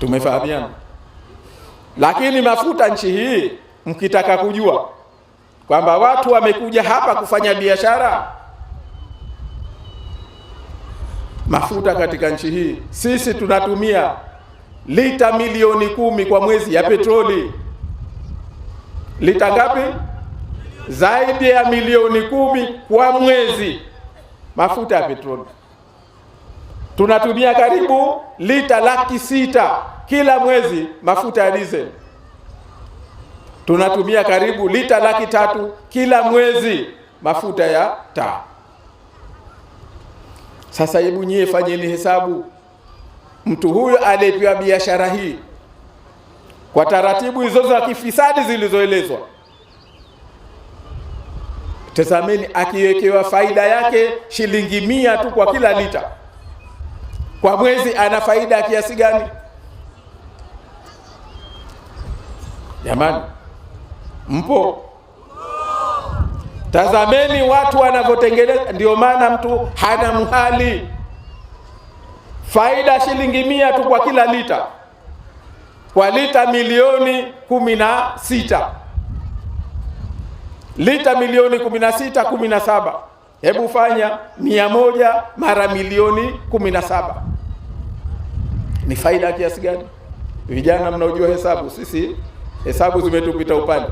Tumefahamiana. Lakini mafuta nchi hii, mkitaka kujua kwamba watu wamekuja hapa kufanya biashara mafuta katika nchi hii, sisi tunatumia lita milioni kumi kwa mwezi ya petroli. Lita ngapi? Zaidi ya milioni kumi kwa mwezi mafuta ya petroli tunatumia karibu lita laki sita kila mwezi mafuta ya diesel. Tunatumia karibu lita laki tatu kila mwezi mafuta ya taa. Sasa hebu nyie fanyeni hesabu, mtu huyo aliyepewa biashara hii kwa taratibu hizo za kifisadi zilizoelezwa, tazameni, akiwekewa faida yake shilingi mia tu kwa kila lita kwa mwezi ana faida ya kiasi gani? Jamani, mpo? Tazameni watu wanavyotengeneza. Ndio maana mtu hana mhali, faida shilingi mia tu kwa kila lita, kwa lita milioni kumi na sita lita milioni kumi na sita kumi na saba Hebu fanya mia moja mara milioni kumi na saba ni faida kiasi gani? Vijana mnaojua hesabu, sisi hesabu zimetupita upande.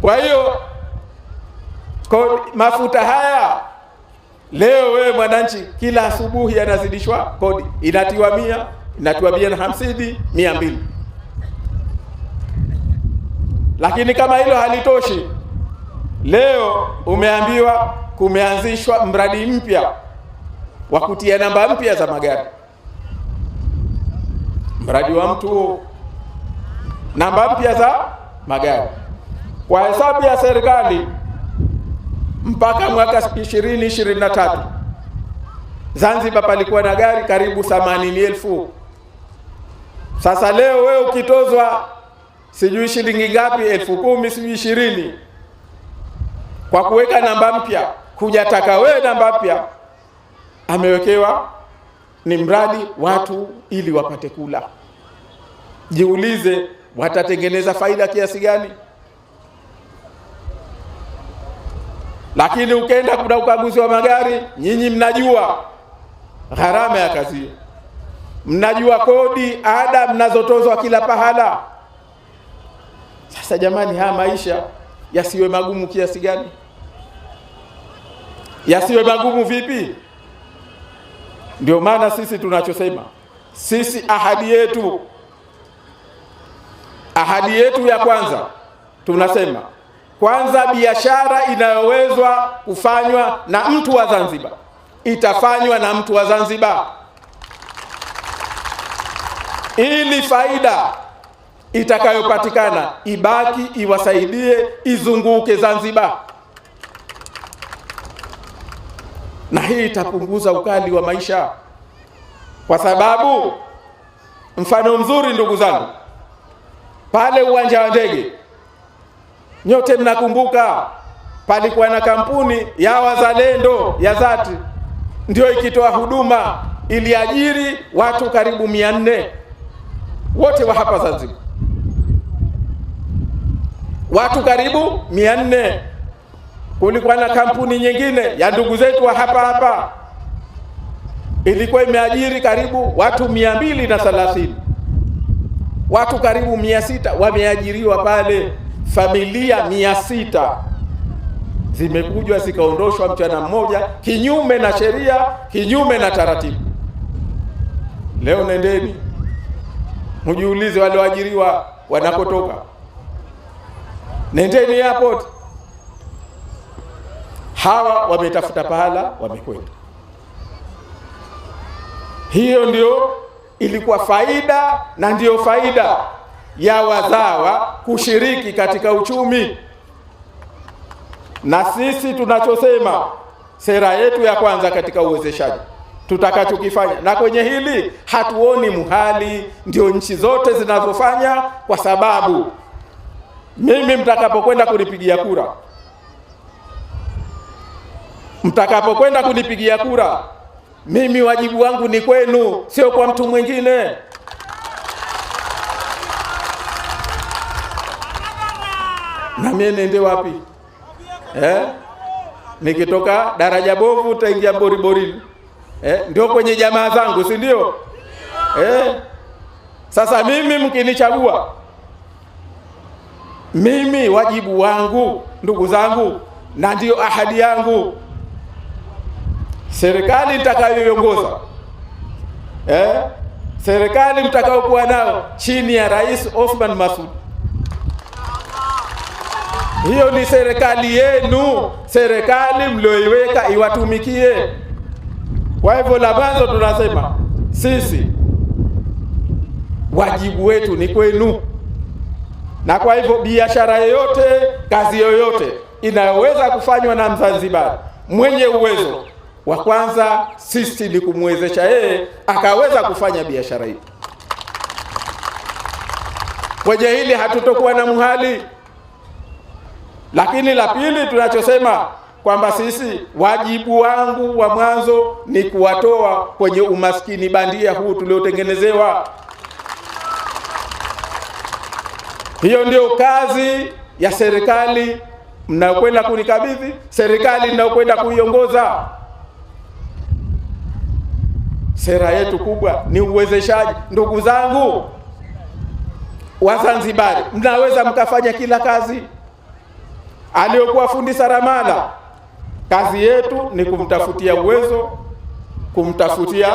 Kwa hiyo kwa mafuta haya leo wewe mwananchi, kila asubuhi yanazidishwa kodi, inatiwa mia, inatiwa mia na hamsini, mia mbili. Lakini kama hilo halitoshi, leo umeambiwa kumeanzishwa mradi mpya wa kutia namba mpya za magari. Mradi wa mtu huo, namba mpya za magari kwa hesabu ya serikali mpaka mwaka 2023 Zanzibar palikuwa na gari karibu 80,000. Sasa leo wewe ukitozwa sijui shilingi ngapi, elfu kumi sijui ishirini, kwa kuweka namba mpya, hujataka wewe namba mpya amewekewa ni mradi watu ili wapate kula. Jiulize, watatengeneza faida kiasi gani? Lakini ukenda kuna ukaguzi wa magari, nyinyi mnajua gharama ya kazi hiyo, mnajua kodi, ada mnazotozwa kila pahala. Sasa jamani, haya maisha yasiwe magumu kiasi gani? Yasiwe magumu vipi? Ndio maana sisi tunachosema sisi, ahadi yetu, ahadi yetu ya kwanza tunasema kwanza, biashara inayowezwa kufanywa na mtu wa Zanzibar itafanywa na mtu wa Zanzibar, ili faida itakayopatikana ibaki, iwasaidie, izunguke Zanzibar. na hii itapunguza ukali wa maisha, kwa sababu mfano mzuri, ndugu zangu, pale uwanja wa ndege, nyote mnakumbuka palikuwa na kampuni ya Wazalendo ya Zati, ndio ikitoa huduma iliajiri watu karibu mia nne wote wa hapa Zanzibar, watu karibu mia nne kulikuwa na kampuni nyingine ya ndugu zetu wa hapa hapa ilikuwa imeajiri karibu watu mia mbili na thelathini watu karibu mia sita wameajiriwa pale, familia mia sita zimekujwa zikaondoshwa mchana mmoja, kinyume na sheria, kinyume na taratibu. Leo nendeni mjiulize walioajiriwa wanakotoka, nendeni airport hawa wametafuta pahala wamekwenda. Hiyo ndio ilikuwa faida na ndiyo faida ya wazawa kushiriki katika uchumi. Na sisi tunachosema, sera yetu ya kwanza katika uwezeshaji tutakachokifanya na kwenye hili hatuoni muhali, ndio nchi zote zinazofanya, kwa sababu mimi mtakapokwenda kunipigia kura mtakapokwenda kunipigia kura, mimi wajibu wangu ni kwenu, sio kwa mtu mwingine. Na mimi niende wapi eh? Nikitoka daraja bovu utaingia boribori eh? Ndio kwenye jamaa zangu, si ndio eh? Sasa mimi mkinichagua mimi, wajibu wangu ndugu zangu, na ndiyo ahadi yangu serikali itakayoiongoza eh, serikali mtakayokuwa nao chini ya Rais Othman Masoud, hiyo ni serikali yenu, serikali mlioiweka iwatumikie. Kwa hivyo, la mwanzo tunasema sisi wajibu wetu ni kwenu, na kwa hivyo biashara yoyote, kazi yoyote inayoweza kufanywa na Mzanzibari mwenye uwezo wa kwanza sisi ni kumwezesha yeye akaweza kufanya biashara hii. Kwenye hili hatutokuwa na muhali. Lakini la pili tunachosema kwamba sisi wajibu wangu wa mwanzo ni kuwatoa kwenye umaskini bandia huu tuliotengenezewa. Hiyo ndio kazi ya serikali mnayokwenda kunikabidhi, serikali mnayokwenda kuiongoza. Sera yetu kubwa ni uwezeshaji. Ndugu zangu Wazanzibari, mnaweza mkafanya kila kazi. Aliyokuwa fundi saramala, kazi yetu ni kumtafutia uwezo, kumtafutia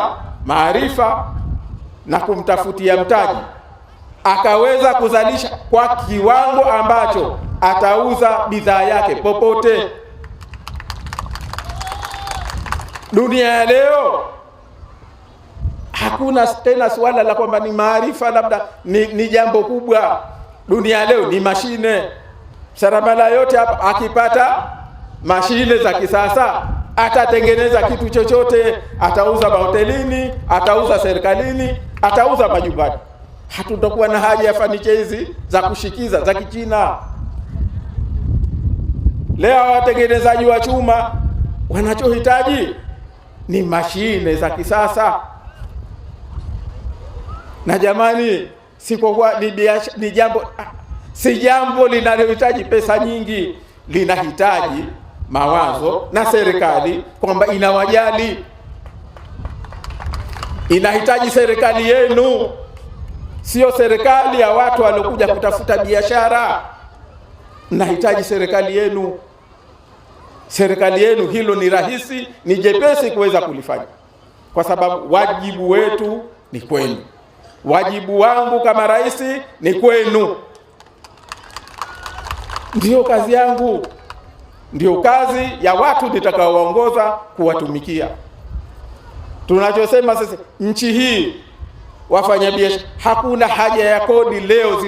maarifa na kumtafutia mtaji, akaweza kuzalisha kwa kiwango ambacho atauza bidhaa yake popote. Dunia ya leo Hakuna tena suala la kwamba ni maarifa labda ni, ni jambo kubwa. Dunia leo ni mashine saramala yote hapa, akipata mashine za kisasa atatengeneza kitu chochote, atauza mahotelini, atauza serikalini, atauza majumbani. Hatutakuwa na haja ya fanicha hizi za kushikiza za Kichina. Leo watengenezaji wa chuma wanachohitaji ni mashine za kisasa. Na jamani, sikokuwa ni, ni jambo ah, si jambo linalohitaji pesa nyingi, linahitaji mawazo na serikali kwamba inawajali, inahitaji serikali yenu, sio serikali ya watu waliokuja kutafuta biashara. Nahitaji serikali yenu, serikali yenu. Hilo ni rahisi, ni jepesi kuweza kulifanya, kwa sababu wajibu wetu ni kwenu. Wajibu wangu kama rais ni kwenu, ndiyo kazi yangu, ndiyo kazi ya watu nitakaowaongoza kuwatumikia. Tunachosema sisi, nchi hii wafanyabiashara, hakuna haja ya kodi leo.